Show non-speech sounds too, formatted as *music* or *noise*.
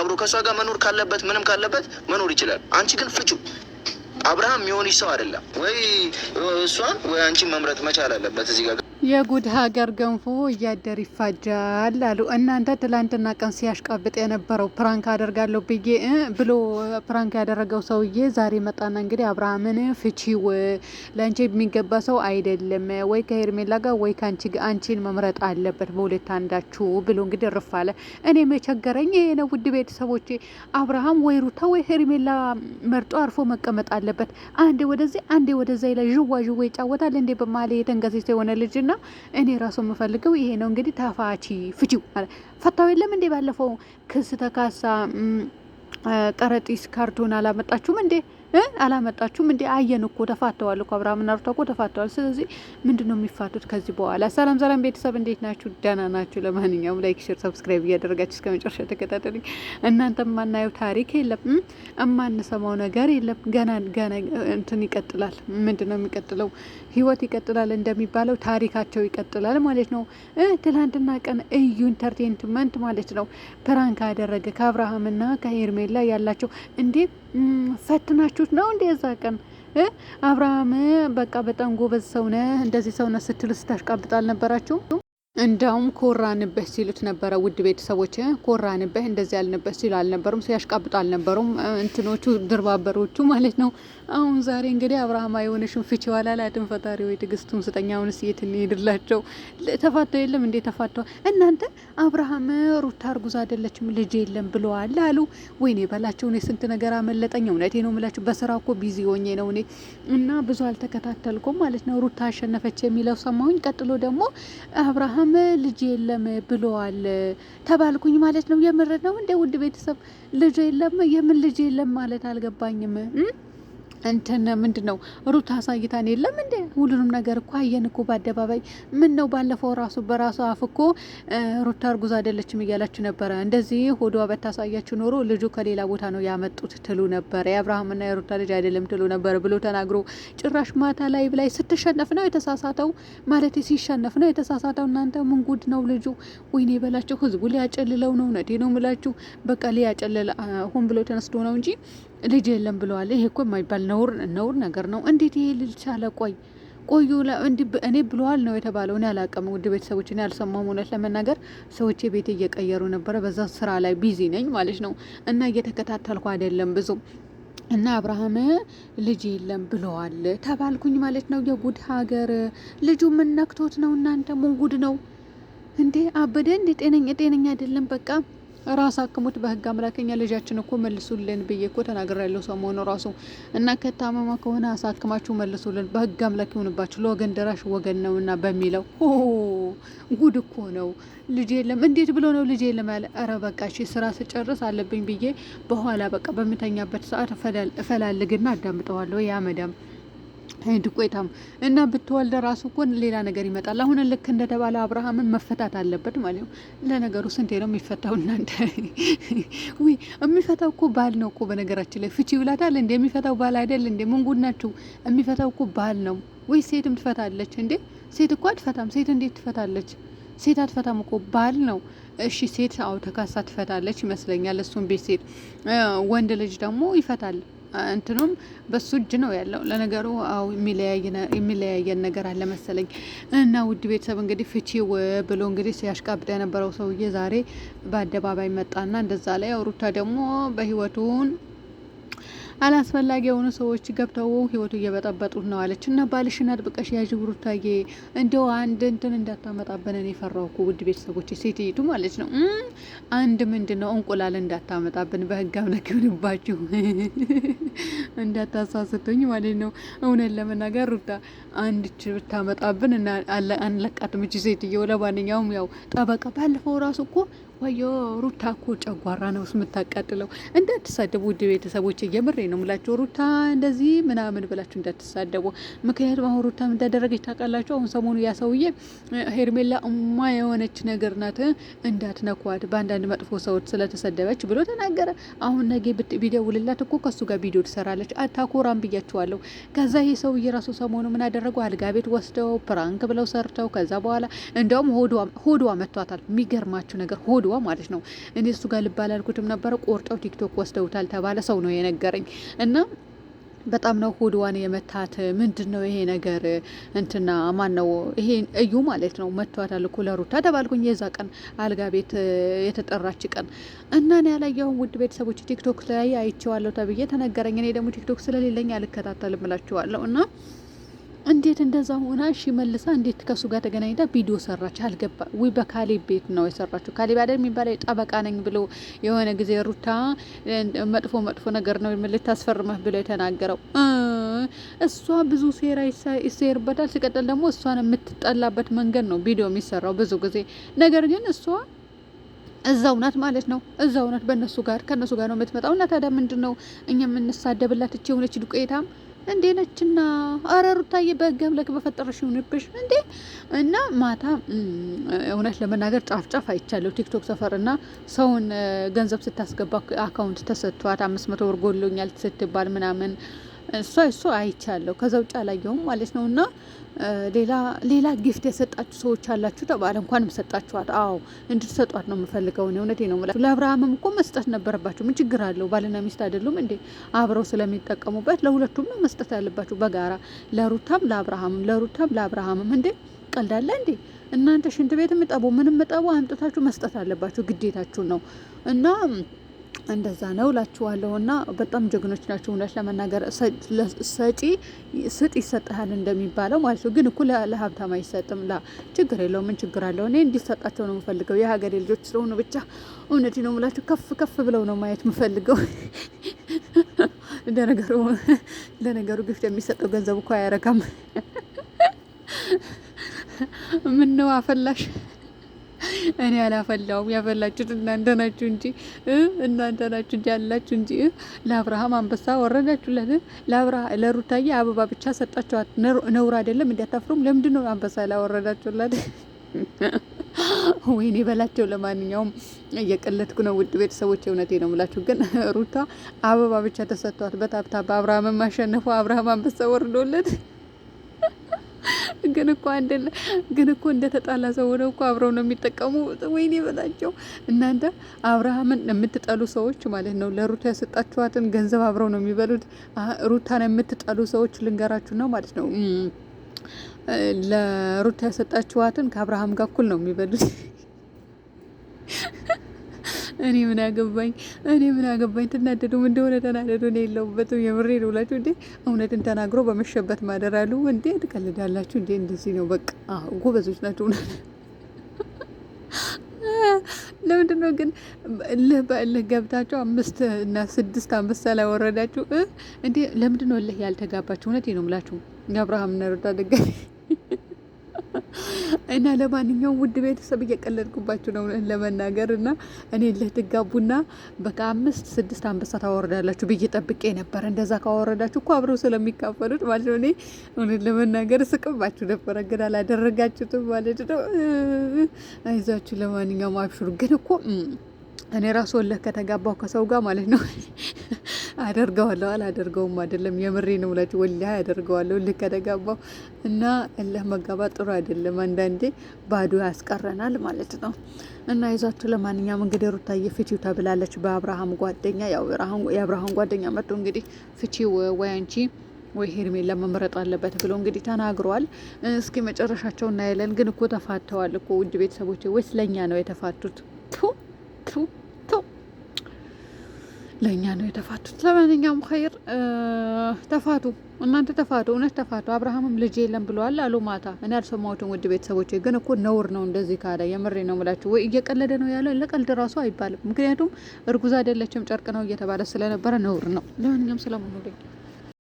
አብሮ ከእሷ ጋር መኖር ካለበት ምንም ካለበት መኖር ይችላል። አንቺ ግን ፍጩ። አብርሃም የሚሆንሽ ሰው አይደለም ወይ እሷን ወይ አንቺን መምረጥ መቻል አለበት እዚህ ጋር የጉድ ሀገር ገንፎ እያደር ይፋጃል አሉ። እናንተ ትላንትና ቀን ሲያሽቃብጥ የነበረው ፕራንክ አደርጋለሁ ብዬ ብሎ ፕራንክ ያደረገው ሰውዬ ዛሬ መጣና እንግዲህ አብርሃምን ፍቺው ለአንቺ የሚገባ ሰው አይደለም ወይ ከሄርሜላ ጋር ወይ ከአንቺ አንቺን መምረጥ አለበት በሁለት አንዳችሁ ብሎ እንግዲህ እርፍ አለ። እኔ መቸገረኝ ይሄ ነው። ውድ ቤተሰቦቼ አብርሃም ወይ ሩታ ወይ ሄርሜላ መርጦ አርፎ መቀመጥ አለበት። አንዴ ወደዚህ አንዴ ወደዛ ይላ ዥዋ ዥዌ ይጫወታል እንዴ በማለ የተንገሴሰ የሆነ ልጅና ና እኔ ራሱ የምፈልገው ይሄ ነው። እንግዲህ ተፋቺ ፍቺው ፈታው የለም እንዴ? ባለፈው ክስ ተካሳ፣ ቀረጢስ ካርቶን አላመጣችሁም እንዴ? አላመጣችሁም እንዲ አየን እኮ ተፋተዋል እኮ አብርሃምና ሩታ እኮ ተፋተዋል። ስለዚህ ምንድን ነው የሚፋቱት ከዚህ በኋላ? ሰላም ሰላም ቤተሰብ እንዴት ናችሁ? ደህና ናችሁ? ለማንኛውም ላይክ፣ ሼር፣ ሰብስክራይብ እያደረጋችሁ እስከ መጨረሻ ተከታተሉኝ። እናንተ የማናየው ታሪክ የለም፣ የማንሰማው ነገር የለም። ገና ገና እንትን ይቀጥላል። ምንድን ነው የሚቀጥለው? ህይወት ይቀጥላል እንደሚባለው ታሪካቸው ይቀጥላል ማለት ነው። ትላንትና ቀን እዩ ኢንተርቴንትመንት ማለት ነው ፕራንክ አደረገ ከአብርሃምና ከሄርሜላ ያላቸው እንዴት ፈትናችሁት ነው እንዴ? የዛ ቀን አብርሃም በቃ በጣም ጎበዝ ሰውነ እንደዚህ ሰውነ ስትል ስታሽቃብጣል ነበራችሁ። እንዳውም ኮራንበህ ሲሉት ነበረ። ውድ ቤተሰቦች ኮራንበህ እንደዚህ ያልንበት ሲሉ አልነበሩም፣ ሲያሽቃብጡ አልነበሩም። እንትኖቹ ድርባበሮቹ ማለት ነው። አሁን ዛሬ እንግዲህ አብርሃም የሆነሽን ፍቺ ዋላ ላድን ፈጣሪ ወይ ትግስቱን ስጠኛ። አሁንስ የት እንሄድላቸው? ተፋተው የለም እንዴ ተፋተዋል። እናንተ አብርሃም ሩታ እርጉዝ አይደለችም ልጅ የለም ብለዋል አሉ። ወይኔ በላቸው። እኔ ስንት ነገር አመለጠኝ። እውነቴ ነው ምላቸው። በስራ እኮ ቢዚ ሆኜ ነው እኔ እና ብዙ አልተከታተልኩም ማለት ነው። ሩታ አሸነፈች የሚለው ሰማሁኝ። ቀጥሎ ደግሞ አብርሃም በጣም ልጅ የለም ብለዋል ተባልኩኝ ማለት ነው። የምር ነው እንደ ውድ ቤተሰብ ልጅ የለም የምን ልጅ የለም ማለት አልገባኝም። እንትን ምንድን ነው ሩት አሳይታን የለም እንዴ? ሁሉንም ነገር እኮ አየን እኮ በአደባባይ። ምን ነው ባለፈው ራሱ በራሱ አፍ እኮ ሩት አርጉዝ አይደለችም እያላችሁ ነበረ። እንደዚህ ሆዷ በታሳያችሁ ኖሮ ልጁ ከሌላ ቦታ ነው ያመጡት ትሉ ነበር። የአብርሃምና የሩታ ልጅ አይደለም ትሉ ነበር ብሎ ተናግሮ ጭራሽ ማታ ላይ ብላይ ስትሸነፍ ነው የተሳሳተው ማለት ሲሸነፍ ነው የተሳሳተው። እናንተ ምን ጉድ ነው ልጁ? ወይኔ በላቸው ህዝቡ ሊያጨልለው ነው። እውነቴ ነው ምላችሁ። በቃ ሊያጨልል ሆን ብሎ ተነስቶ ነው እንጂ ልጅ የለም ብለዋል። ይሄ እኮ የማይባል ነውር ነውር ነገር ነው። እንዴት ይሄ ልጅ ቻለ? ቆይ ቆዩ እኔ ብለዋል ነው የተባለው። እኔ አላውቅም፣ ውድ ቤተሰቦች እኔ አልሰማሁም። እውነት ለመናገር ሰዎች ቤት እየቀየሩ ነበረ። በዛ ስራ ላይ ቢዚ ነኝ ማለት ነው እና እየተከታተልኩ አይደለም ብዙ እና አብርሃም ልጅ የለም ብለዋል ተባልኩኝ ማለት ነው። የጉድ ሀገር ልጁ ምን ነክቶት ነው እናንተ? ምን ጉድ ነው እንዴ? አበደ እንዴ? ጤነኛ ጤነኛ አይደለም በቃ ራስ አክሙት በህግ አምላከኛ ልጃችን እኮ መልሱልን ብዬ እኮ ተናግሬያለሁ። ሰሞኑ ራሱ እና ከታመመ ከሆነ አሳክማችሁ መልሱልን፣ በህግ አምላክ ይሁንባችሁ፣ ለወገን ደራሽ ወገን ነውና በሚለው ሆ ጉድ እኮ ነው። ልጅ የለም እንዴት ብሎ ነው ልጅ የለም ያለ? ኧረ በቃ እሺ ስራ ስጨርስ አለብኝ ብዬ በኋላ በቃ በምተኛበት ሰዓት እፈላልግና አዳምጠዋለሁ ያመዳም ድቆይታም እና ብትወልደ ራሱ እኮ ሌላ ነገር ይመጣል። አሁን ልክ እንደተባለ አብርሃምን መፈታት አለበት ማለት ነው። ለነገሩ ስንቴ ነው የሚፈታው? እናንተ *laughs* ውይ የሚፈታው እኮ ባል ነው እኮ በነገራችን ላይ ፍቺ ይውላታል እንዴ? የሚፈታው ባል አይደል እንዴ? ምን የሚፈታው እኮ ባል ነው ወይ? ሴትም ትፈታለች እንዴ? ሴት እኮ አትፈታም። ሴት እንዴት ትፈታለች? ሴት አትፈታም እኮ ባል ነው። እሺ ሴት አው ተካሳ ትፈታለች ይመስለኛል። እሱም ቤት ሴት ወንድ ልጅ ደግሞ ይፈታል እንትኑም በሱ እጅ ነው ያለው። ለነገሩ አዎ የሚለያየን ነገር አለ መሰለኝ። እና ውድ ቤተሰብ እንግዲህ ፍቺው ብሎ እንግዲህ ሲያሽቃብጥ የነበረው ሰውዬ ዛሬ በአደባባይ መጣና እንደዛ ላይ አውሩታ ደግሞ በህይወቱን አላስፈላጊ የሆኑ ሰዎች ገብተው ህይወቱ እየበጠበጡት ነው አለች እና ባልሽን አጥብቀሽ ያዥ ብሩታዬ፣ እንደው አንድ እንትን እንዳታመጣብን እኔ ፈራሁ እኮ ውድ ቤተሰቦች፣ ሴትይቱ ማለት ነው። አንድ ምንድን ነው እንቁላል እንዳታመጣብን በህግ አምላክ ይሆንባችሁ፣ *laughs* እንዳታሳስቶኝ ማለት ነው። እውነት ለመናገር ሩታ አንድች ብታመጣብን አንለቃትም እች ሴትየው። ለማንኛውም ያው ጠበቃ ባለፈው ራሱ እኮ ወዮ ሩታ እኮ ጨጓራ ነው የምታቃጥለው። እንዳትሳደቡ ውድ ቤተሰቦች፣ የምሬ ነው ምላችሁ ሩታ እንደዚህ ምናምን ብላችሁ እንዳትሳደቡ። ምክንያቱም አሁን ሩታ እንዳደረገች ታውቃላችሁ። አሁን ሰሞኑ ያሰውዬ ሄርሜላ እማ የሆነች ነገር ናት፣ እንዳትነኳት በአንዳንድ መጥፎ ሰዎች ስለተሰደበች ብሎ ተናገረ። አሁን ነገ ቢደውልላት እኮ ከሱ ጋር ቪዲዮ ትሰራለች። አታኮራም ብያችኋለሁ። ከዛ ይሄ ሰውዬ ራሱ ሰሞኑ ምን አደረጉ? አልጋ ቤት ወስደው ፕራንክ ብለው ሰርተው ከዛ በኋላ እንደውም ሆዷ መቷታል። የሚገርማችሁ ነገር ሆዷ ልጅዋ ማለት ነው። እኔ እሱ ጋር ልባል አልኩትም ነበረ። ቆርጠው ቲክቶክ ወስደውታል ተባለ። ሰው ነው የነገረኝ እና በጣም ነው ሆድዋን የመታት። ምንድን ነው ይሄ ነገር? እንትና ማን ነው ይሄ? እዩ ማለት ነው መቷታል እኮ ለሩታ ተባልኩኝ። የዛ ቀን አልጋ ቤት የተጠራች ቀን እና እኔ ያላየሁም ውድ ቤተሰቦች ቲክቶክ ላይ አይቼዋለሁ ተብዬ ተነገረኝ። እኔ ደግሞ ቲክቶክ ስለሌለኝ አልከታተልም እላችኋለሁ እና እንዴት እንደዛ ሆና እሺ መልሳ እንዴት ከሱ ጋር ተገናኝታ ቪዲዮ ሰራች? አልገባ ወይ በካሌብ ቤት ነው የሰራችው። ካሌብ አይደል የሚባለው ጠበቃ ነኝ ብሎ የሆነ ጊዜ ሩታ መጥፎ መጥፎ ነገር ነው ልታስፈርመህ ብሎ የተናገረው እሷ ብዙ ሴራ ይሰርበታል። ሲቀጥል ደግሞ እሷን የምትጠላበት መንገድ ነው ቪዲዮ የሚሰራው ብዙ ጊዜ። ነገር ግን እሷ እዛው ናት ማለት ነው። እዛው ናት በእነሱ ጋር ከእነሱ ጋር ነው የምትመጣው። እና ታዲያ ምንድን ነው እኛ የምንሳደብላት? እች የሆነች ዱቄታም እንዴ ነችና ታየ ሩታዬ በገምለክ በፈጠረሽ ይሁንብሽ እንዴ እና ማታ እውነት ለመናገር ጫፍ ጫፍ አይቻለሁ ቲክቶክ ሰፈር እና ሰውን ገንዘብ ስታስገባ አካውንት ተሰጥቷት አምስት መቶ ብር ጎሎኛል ስትባል ምናምን እሷ እሱ አይቻለሁ ከዛ ውጭ አላየሁም ማለት ነው። እና ሌላ ሌላ ጊፍት የሰጣችሁ ሰዎች አላችሁ ተባለ። እንኳንም ሰጣችኋት። አዎ እንድትሰጧት ነው የምፈልገው። እውነቴ ነው ለአብርሃምም እኮ መስጠት ነበረባችሁ። ምን ችግር አለው? ባልና ሚስት አይደሉም እንዴ? አብረው ስለሚጠቀሙበት ለሁለቱም ነው መስጠት ያለባችሁ በጋራ፣ ለሩታም ለአብርሃምም፣ ለሩታም ለአብርሃምም። እንዴ ቀልዳለ እንዴ? እናንተ ሽንት ቤት የምጠቡ ምንም ምጠቡ አምጥታችሁ መስጠት አለባችሁ። ግዴታችሁ ነው እና እንደዛ ነው ላችኋለሁ። እና በጣም ጀግኖች ናቸው እውነት ለመናገር ሰጪ ስጥ ይሰጥሃል እንደሚባለው ማለት ነው። ግን እኮ ለሀብታም አይሰጥም። ላ ችግር የለው ምን ችግር አለው? እኔ እንዲሰጣቸው ነው የምፈልገው። የሀገሬ ልጆች ስለሆኑ ብቻ እውነት ነው የምላቸው። ከፍ ከፍ ብለው ነው ማየት የምፈልገው። ለነገሩ *laughs* ለነገሩ ግፍት የሚሰጠው ገንዘብ እኮ አያረካም። *laughs* ምን ነው አፈላሽ እኔ አላፈላውም። ያፈላችሁት እናንተ ናችሁ እንጂ እናንተ ናችሁ እንጂ አላችሁ እንጂ ለአብርሃም አንበሳ ወረዳችሁለት። ለሩታዬ አበባ ብቻ ሰጣችኋት። ነውር አይደለም? እንዲያታፍሩም ለምንድን ነው አንበሳ ላወረዳችሁላት? ወይኔ በላቸው። ለማንኛውም እየቀለድኩ ነው ውድ ቤተሰቦች፣ እውነቴ ነው የምላችሁ። ግን ሩታ አበባ ብቻ ተሰጥቷት በታብታ በአብርሃም ማሸነፉ አብርሃም አንበሳ ወርዶለት ግን እኮ አንደለ ግን እኮ እንደተጣላ ሰው ሆነው እኮ አብረው ነው የሚጠቀሙ። ወይኔ በላቸው እናንተ አብርሃምን የምትጠሉ ሰዎች ማለት ነው። ለሩታ ያሰጣችኋትን ገንዘብ አብረው ነው የሚበሉት። ሩታን የምትጠሉ ሰዎች ልንገራችሁ ነው ማለት ነው። ለሩታ ያሰጣችኋትን ከአብርሃም ጋር እኩል ነው የሚበሉት። እኔ ምን አገባኝ፣ እኔ ምን አገባኝ። ትናደዱም እንደሆነ ተናደዱ፣ እኔ የለሁበትም። የምሬ ነው ብላችሁ እንዴ እውነትን ተናግሮ በመሸበት ማደራሉ እንዴ ትቀልዳላችሁ እንዴ? እንደዚህ ነው በቃ። ጎበዞች ናቸው። ለምንድን ነው ግን እልህ በእልህ ገብታችሁ አምስት እና ስድስት አምስት ላይ ወረዳችሁ እንዴ? ለምንድን ነው እልህ ያልተጋባችሁ? እውነቴ ነው የምላችሁ የአብርሃምና ሩታ ደጋፊ እና ለማንኛውም ውድ ቤተሰብ እየቀለድኩባችሁ ነው ለመናገር እና እኔ ለትጋቡና በቃ አምስት ስድስት አንበሳ ታወረዳላችሁ ብዬ ጠብቄ ነበር። እንደዛ ካወረዳችሁ እኮ አብረው ስለሚካፈሉት ማለት ነው። እኔ እውነት ለመናገር ስቅባችሁ ነበረ፣ ግን አላደረጋችሁትም ማለት ነው። አይዛችሁ። ለማንኛውም አብሽሩ። ግን እኮ እኔ ራሱ ወለህ ከተጋባው ከሰው ጋር ማለት ነው አደርገዋለሁ አላደርገውም አይደለም፣ የምሬ ነው ብላችሁ ወላ አደርገዋለሁ። ልክ ከተጋባው እና እልህ መጋባት ጥሩ አይደለም። አንዳንዴ ባዶ ያስቀረናል ማለት ነው። እና ይዟችሁ ለማንኛውም እንግዲህ ሩታዬ ፍቺው ተብላለች በአብርሃም ጓደኛ። ያው የአብርሃም ጓደኛ መጥቶ እንግዲህ ፍቺው ወይ አንቺ ወይ ሄርሜን ለመምረጥ አለበት ብሎ እንግዲህ ተናግሯል። እስኪ መጨረሻቸው እናያለን። ግን እኮ ተፋተዋል እኮ ውድ ቤተሰቦች፣ ወይስ ለእኛ ነው የተፋቱት? ለእኛ ነው የተፋቱት። ለማንኛውም ኸይር ተፋቱ፣ እናንተ ተፋቱ፣ እውነት ተፋቱ። አብርሃምም ልጅ የለም ብለዋል አሉ ማታ። እኔ አልሰማሁትም። ውድ ቤተሰቦች ግን እኮ ነውር ነው እንደዚህ ካለ። የምሬ ነው የምላችሁ። ወይ እየቀለደ ነው ያለው፣ ለቀልድ ራሱ አይባልም። ምክንያቱም እርጉዝ አይደለችም ጨርቅ ነው እየተባለ ስለነበረ ነውር ነው። ለማንኛውም ሰላም ሁኑልኝ።